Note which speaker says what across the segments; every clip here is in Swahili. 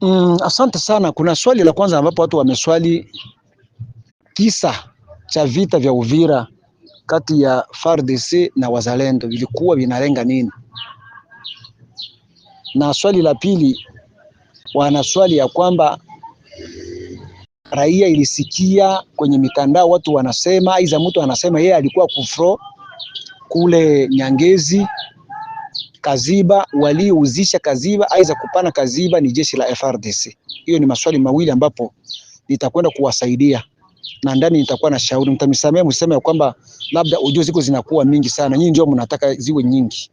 Speaker 1: Mm, asante sana. Kuna swali la kwanza ambapo watu wameswali kisa cha vita vya Uvira kati ya FARDC na wazalendo vilikuwa vinalenga nini? Na swali la pili, wana swali ya kwamba raia ilisikia kwenye mitandao watu wanasema, aiza mtu anasema yeye alikuwa kufro kule Nyangezi Kaziba waliouzisha Kaziba aiza kupana Kaziba ni jeshi la FRDC. Hiyo ni maswali mawili ambapo nitakwenda kuwasaidia na ndani nitakuwa na shauri, mtanisamea mseme ya kwamba labda ujio ziko zinakuwa mingi sana, nyinyi ndio mnataka ziwe nyingi.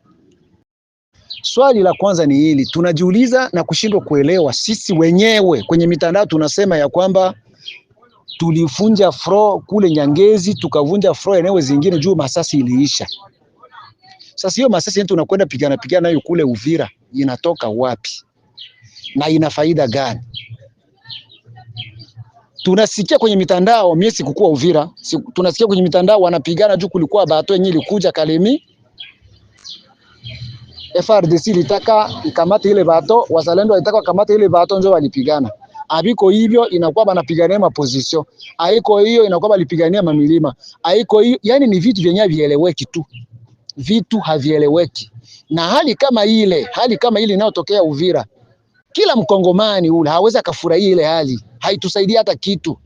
Speaker 1: Swali la kwanza ni hili, tunajiuliza na kushindwa kuelewa sisi wenyewe. Kwenye mitandao tunasema ya kwamba tulifunja fro kule Nyangezi, tukavunja fro eneo zingine juu masasi iliisha. Sasa hiyo masasi yetu unakwenda pigana pigana nayo kule Uvira inatoka wapi na ina faida gani? Tunasikia kwenye mitandao, mimi sikukua Uvira, tunasikia kwenye mitandao wanapigana juu kulikuwa bato yenyewe ilikuja Kalemi. FRDC litaka ikamate ile bato, wazalendo walitaka wakamate ile bato ndio walipigana. Abiko hivyo inakuwa banapigania mapozisio. Aiko hiyo inakuwa balipigania mamilima. Aiko hiyo yani ni vitu vyenyewe vieleweki tu vitu havieleweki. Na hali kama ile, hali kama ile inayotokea Uvira, kila mkongomani ule hawezi akafurahia ile hali, haitusaidia hata kitu,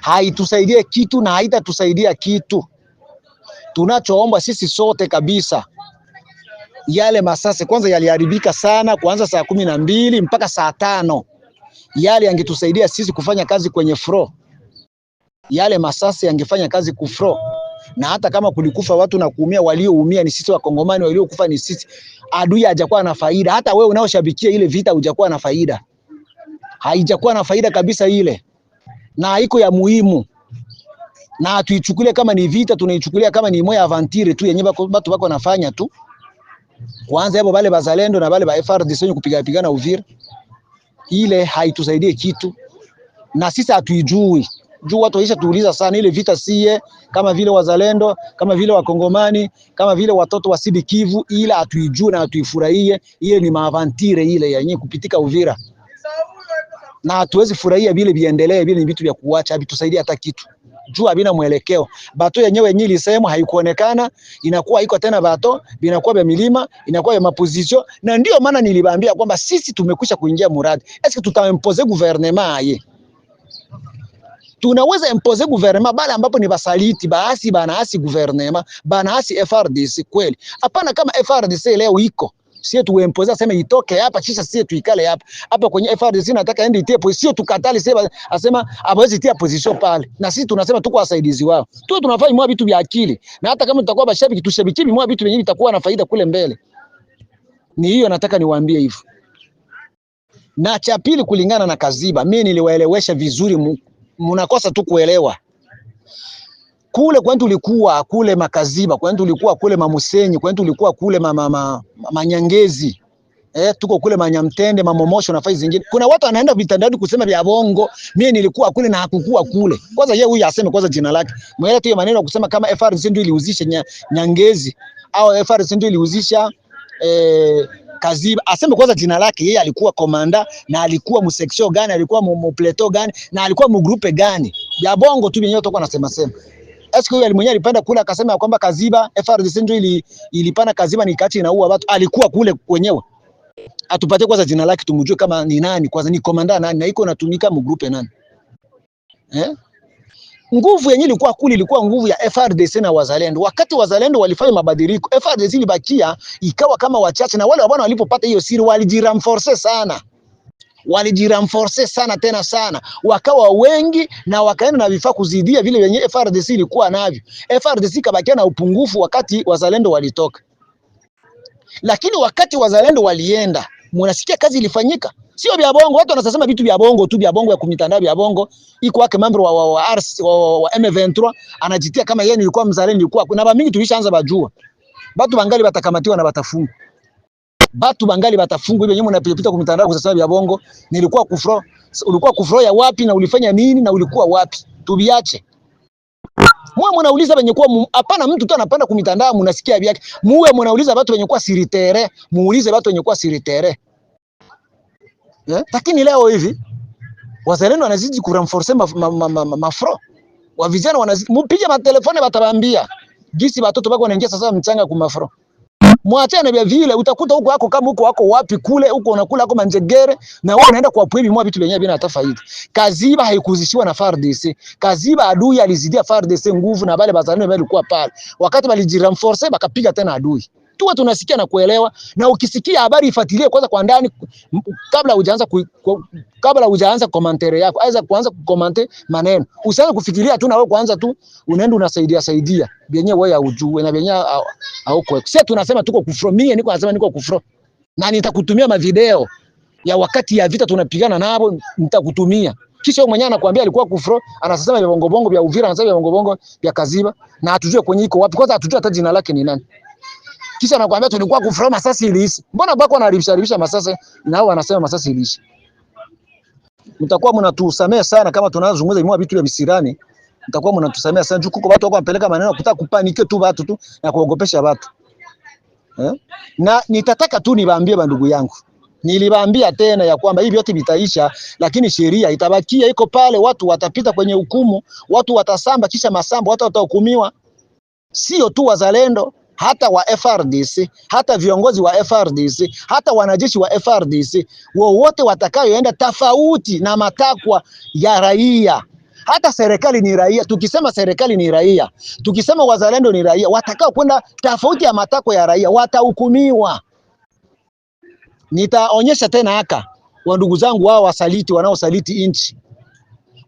Speaker 1: haitusaidie kitu na haitatusaidia kitu. Tunachoomba sisi sote kabisa yale masasi kwanza yaliharibika sana, kuanza saa kumi na mbili mpaka saa tano. Yale yangetusaidia sisi kufanya kazi kwenye fro, yale masasi yangefanya kazi kufro na hata kama kulikufa watu na kuumia, walioumia ni sisi Wakongomani, waliokufa ni sisi. Adui hajakuwa na faida, hata wewe unaoshabikia ile vita hujakuwa na faida, haijakuwa na faida kabisa ile, na haiko ya muhimu na tuichukulie kama ni vita, tunaichukulia kama ni moya avantire tu yenye watu wako nafanya tu. Kwanza hapo wale bazalendo na wale ba FARDC wenye kupiga pigana Uvira, ile haitusaidie kitu, na sisi hatuijui juu watu waisha tuuliza sana ile vita sie kama vile wazalendo kama vile wakongomani kama vile watoto wa Sud Kivu, ila atuijue na atuifurahie. Ile ni maavantire ile yenye kupitika Uvira, na hatuwezi furahia vile viendelee, vile ni vitu vya kuacha, havitusaidia hata kitu juu havina mwelekeo. Bato yenyewe yenyewe ilisema haikuonekana, inakuwa iko tena bato binakuwa vya milima, inakuwa vya mapozisio, na ndio maana nilibambia kwamba sisi tumekwisha kuingia muradi. Eske tutaimpoze gouvernement aye tunaweza impose guvernema bale ambapo ni basaliti baasi, banaasi guvernema, banaasi FRDC kweli? Hapana, kama FRDC leo iko sio tu impose aseme itoke hapa kisha sio tuikale hapa hapa kwenye FRDC. Nataka ende itie position, sio tukatali, sema asema abawezi tia position pale, na sisi tunasema tuko wasaidizi wao tu, tunafanya mwa vitu vya akili, na hata kama tutakuwa bashabiki tushabiki mwa vitu vyenyewe vitakuwa na faida kule mbele. Ni hiyo nataka niwaambie hivyo. Na cha pili, kulingana na Kaziba, mimi niliwaelewesha vizuri mnakosa tu kuelewa kule kwani tulikuwa kule Makaziba, kwani tulikuwa kule Mamusenyi, kwani tulikuwa kule mama, ma, Manyangezi eh, tuko kule Manyamtende, Mamomosho na fai zingine. Kuna watu wanaenda vitandaoni kusema vya bongo, mimi nilikuwa kule na hakukua kule. Kwanza yeye huyu aseme kwanza jina lake, mwele tu maneno ya kusema kama FRC ndio iliuzisha Nyangezi au FRC ndio iliuzisha eh, akaziba, aseme kwanza jina lake, yeye alikuwa komanda na alikuwa museksio gani, alikuwa mu plateau gani na alikuwa mu grupe gani ya bongo tu yenyewe tokwa nasema sema Eske huyu alimwenyewe alipanda kule akasema kwamba Kaziba FRDC ndio ili, ilipana Kaziba ni kati inaua watu, alikuwa kule kwenyewe. Atupatie kwanza jina lake tumjue kama ni nani kwanza, ni komanda nani na iko natumika mu grupe nani eh? nguvu yenyewe ilikuwa kuli, ilikuwa nguvu ya FRDC na wazalendo. Wakati wazalendo walifanya mabadiliko, FRDC ilibakia ikawa kama wachache, na wale wabwana walipopata hiyo siri walijiramforce sana walijiramforce sana tena sana, wakawa wengi na wakaenda na vifaa kuzidia vile vyenye FRDC ilikuwa navyo. FRDC kabakia na upungufu wakati wazalendo walitoka, lakini wakati wazalendo walienda, munasikia kazi ilifanyika sio vya bongo. Watu wanasema vitu vya bongo tu, vya bongo ya kumitandao, vya bongo iko wake mambo wa wa, wa, wa, wa wa M23 anajitia kama yeye nilikuwa mzalendo, nilikuwa kuna ba mingi tulishaanza bajua batu bangali batakamatiwa na batafungwa, batu bangali batafungwa. Hivyo nyinyi mnapita kwa mitandao kusema vya bongo, nilikuwa kufro, ulikuwa kufro ya wapi na ulifanya nini na ulikuwa wapi? Tubiache mwe mnauliza wenye kuwa hapana, mtu tu anapanda kumitandao, mnasikia vyake. Muwe mnauliza watu wenye kuwa siritere, muulize watu wenye kuwa siritere yeah. Lakini leo hivi wazalendo wanazidi ku reinforce ma, ma, ma, ma, ma wa vijana wanazidi mupige matelefone, batabambia gisi batoto bako wanaingia sasa mchanga ku mafro. Mwachane bia vile, utakuta huko wako kama huko wako wapi kule huko unakula kama njegere na wewe unaenda kwa pwebi mwa vitu vyenyewe bila hata faida. Kaziba haikuzishiwa na FARDC. Kaziba adui alizidia FARDC nguvu, na bale bazalendo bali walikuwa pale wakati walijirenforce, bakapiga tena adui tuwe tunasikia na kuelewa, na ukisikia habari ifuatilie kwanza kwa ndani kabla hujaanza ku, kabla hujaanza komantere yako, aweza kuanza kukomante maneno, usianze kufikiria tu na wewe kuanza tu unaenda unasaidia saidia benye wewe haujui na benye hauko. Sisi tunasema tuko kufro, mimi niko nasema niko kufro, na nitakutumia mavideo ya wakati ya vita tunapigana nao, nitakutumia kisha mwenyewe anakuambia alikuwa kufro, anasema vya bongo bongo vya Uvira, anasema vya bongo bongo vya Kaziba, na hatujue kwenye iko wapi, kwanza hatujue hata jina lake ni nani kisha anakuambia tulikuwa kufurahi masasi ilishi. Mbona bako anaribisharibisha masasi na hao wanasema masasi ilishi? Mtakuwa mnatusamea sana kama tunazungumza imwa vitu vya misirani. Mtakuwa mnatusamea sana jukuko watu wako wanapeleka maneno kutaka kupanike tu watu tu na kuogopesha watu. Eh? Na nitataka tu niwaambie bandugu yangu. Nilibambia tena ya kwamba hivi yote vitaisha, lakini sheria itabakia iko pale. Watu watapita kwenye hukumu, watu watasamba, kisha masamba, watu watahukumiwa, sio tu wazalendo hata wa FRDC, hata viongozi wa FRDC, hata wanajeshi wa FRDC wowote watakayoenda tofauti na matakwa ya raia hata serikali ni raia. Tukisema serikali ni raia, tukisema wazalendo ni raia, watakao kwenda tofauti ya matako ya raia watahukumiwa. Nitaonyesha tena haka wa ndugu zangu wao wasaliti, wanaosaliti nchi.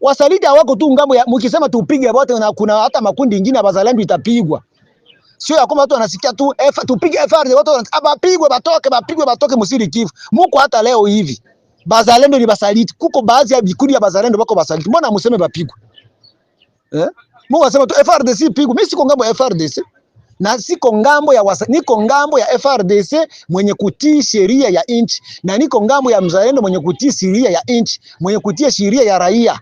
Speaker 1: Wasaliti hawako tu ngambo ya, mkisema tupige wote, na kuna hata makundi mengine ya wazalendo itapigwa. Sio ya kwamba watu wanasikia tu efa tupige FARDC, watu wanapigwa batoke, bapigwe batoke, msiri Kivu. Muko hata leo hivi. Bazalendo ni basaliti. Kuko baadhi ya vikundi ya bazalendo bako basaliti. Mbona mseme bapigwe? Eh? Mungu wasema tu FRDC pigwe. Mimi siko ngambo ya FRDC Na siko ngambo ya wasa, niko ngambo ya FRDC mwenye kutii sheria ya inchi, na niko ngambo ya mzalendo mwenye kutii sheria ya inchi, mwenye kutii sheria ya raia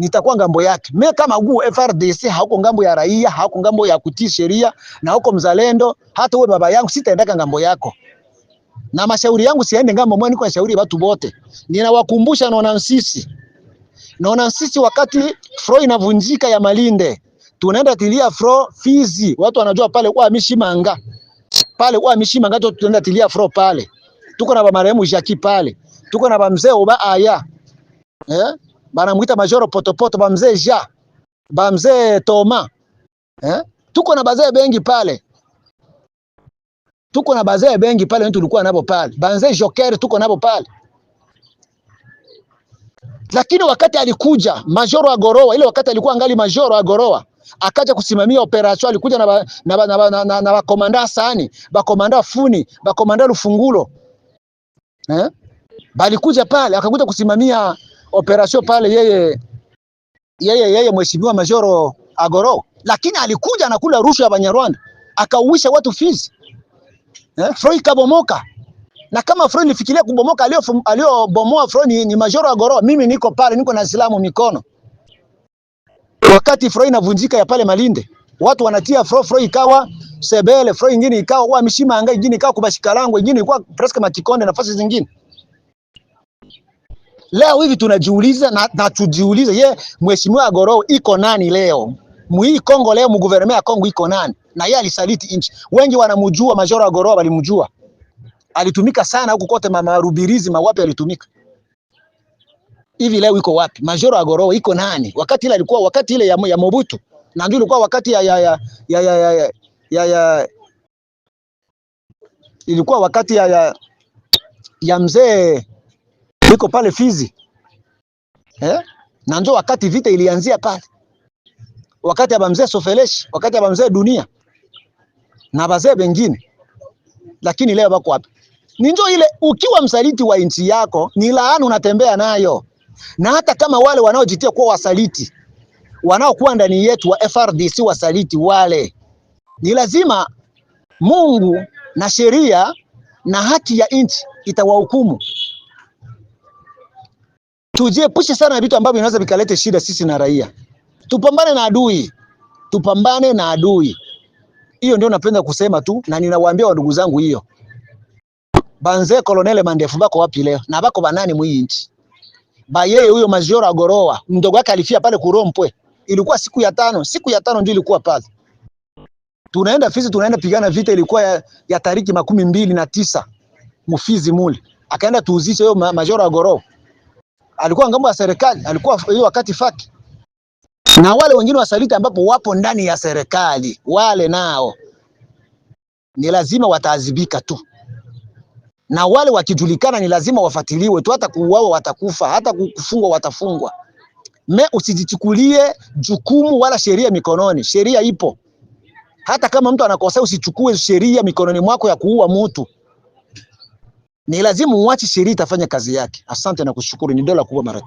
Speaker 1: nitakuwa ngambo yake. Mimi kama guo FRDC hauko ngambo ya raia, hauko ngambo ya kutii sheria na hauko mzalendo, hata uwe baba yangu sitaendaka ngambo yako. Na mashauri yangu siende ngambo mwa niko shauri watu wote. Ninawakumbusha naona sisi. Naona sisi wakati fro inavunjika ya Malinde. Tunaenda tilia fro Fizi. Watu wanajua pale kwa mishimanga. Pale kwa mishimanga tunaenda tilia fro pale. Tuko na ba marehemu Jackie pale. Tuko na ba mzee Oba Aya. Eh? banamwita Majoro Potopoto, ba mzee Ja, ba mzee Toma eh? Tuko na bazee bengi pale, tuko na bazee bengi pale, tulikuwa nabo pale, banzee Joker tuko nabo pale lakini wakati alikuja Majoro Agoroa, ile wakati alikuwa angali Majoro Agoroa, akaja kusimamia operation, alikuja na ba, na ba, na, ba, na, na, na bakomanda Sani, bakomanda Funi, bakomanda Lufungulo eh, balikuja pale, akakuja kusimamia operation pale yeye, yeye, yeye mheshimiwa Majoro Agoro, lakini alikuja anakula rushwa ya Banyarwanda akauisha watu Fizi eh, Froi kabomoka. Na kama Froi ilifikiria kubomoka, alio alio bomoa Froi ni, ni Majoro Agoro. Mimi niko pale, niko na silamu mikono, wakati Froi inavunjika ya pale Malinde watu wanatia Froi Froi ikawa sebele Froi ingine ikawa wa mishima anga ingine ikawa kubashikalango ingine ikawa presque makikonde nafasi zingine Leo hivi tunajiuliza na, na tujiulize, ye mheshimiwa Gorowe iko nani leo mui Kongo leo mguvernema ya Kongo iko nani? Na yeye alisaliti nchi. Wengi wanamjua Majoro Gorowe, walimjua alitumika sana huko kote, mama Rubirizi mawapi alitumika hivi. Leo iko wapi Majoro Gorowe? Iko nani? Wakati ile alikuwa wakati ile ya, ya Mobutu na ndio ilikuwa wakati ya, ya, ya, ya, ya, ya, ya, ya ilikuwa wakati ya, ya, ya mzee iko pale Fizi eh? na njo wakati vita ilianzia pale, wakati abamzee Sofeleshi, wakati abamzee Dunia na bazee bengine, lakini leo bako wapi? Ni njo ile, ukiwa msaliti wa nchi yako ni laana unatembea nayo, na hata kama wale wanaojitia kuwa wasaliti wanaokuwa ndani yetu wa FRDC wasaliti wale, ni lazima Mungu na sheria na haki ya nchi itawahukumu tujiepushe sana na vitu ambavyo vinaweza vikalete shida sisi na raia. Tupambane na adui, tupambane na adui. Hiyo ndio napenda kusema tu, na ninawaambia wadugu zangu hiyo banze kolonele mandefu bako wapi leo na bako banani mwii nchi ba yeye huyo maziora agoroa mdogo wake alifia pale Kurompwe, ilikuwa siku ya tano, siku ya tano ndio ilikuwa pale. Tunaenda Fizi, tunaenda pigana vita, ilikuwa ya, ya tariki makumi mbili na tisa mufizi muli akaenda tuuzisha huyo maziora agoroa alikuwa ngambo ya serikali, alikuwa hiyo wakati faki, na wale wengine wasaliti ambapo wapo ndani ya serikali, wale nao ni lazima wataadhibika tu, na wale wakijulikana ni lazima wafatiliwe tu, hata kuuawa watakufa, hata kufungwa watafungwa. Me usijichukulie jukumu wala sheria mikononi, sheria ipo. Hata kama mtu anakosea, usichukue sheria mikononi mwako ya kuua mtu ni lazima uache sheria itafanya kazi yake. Asante na kushukuru, ni dola kubwa mara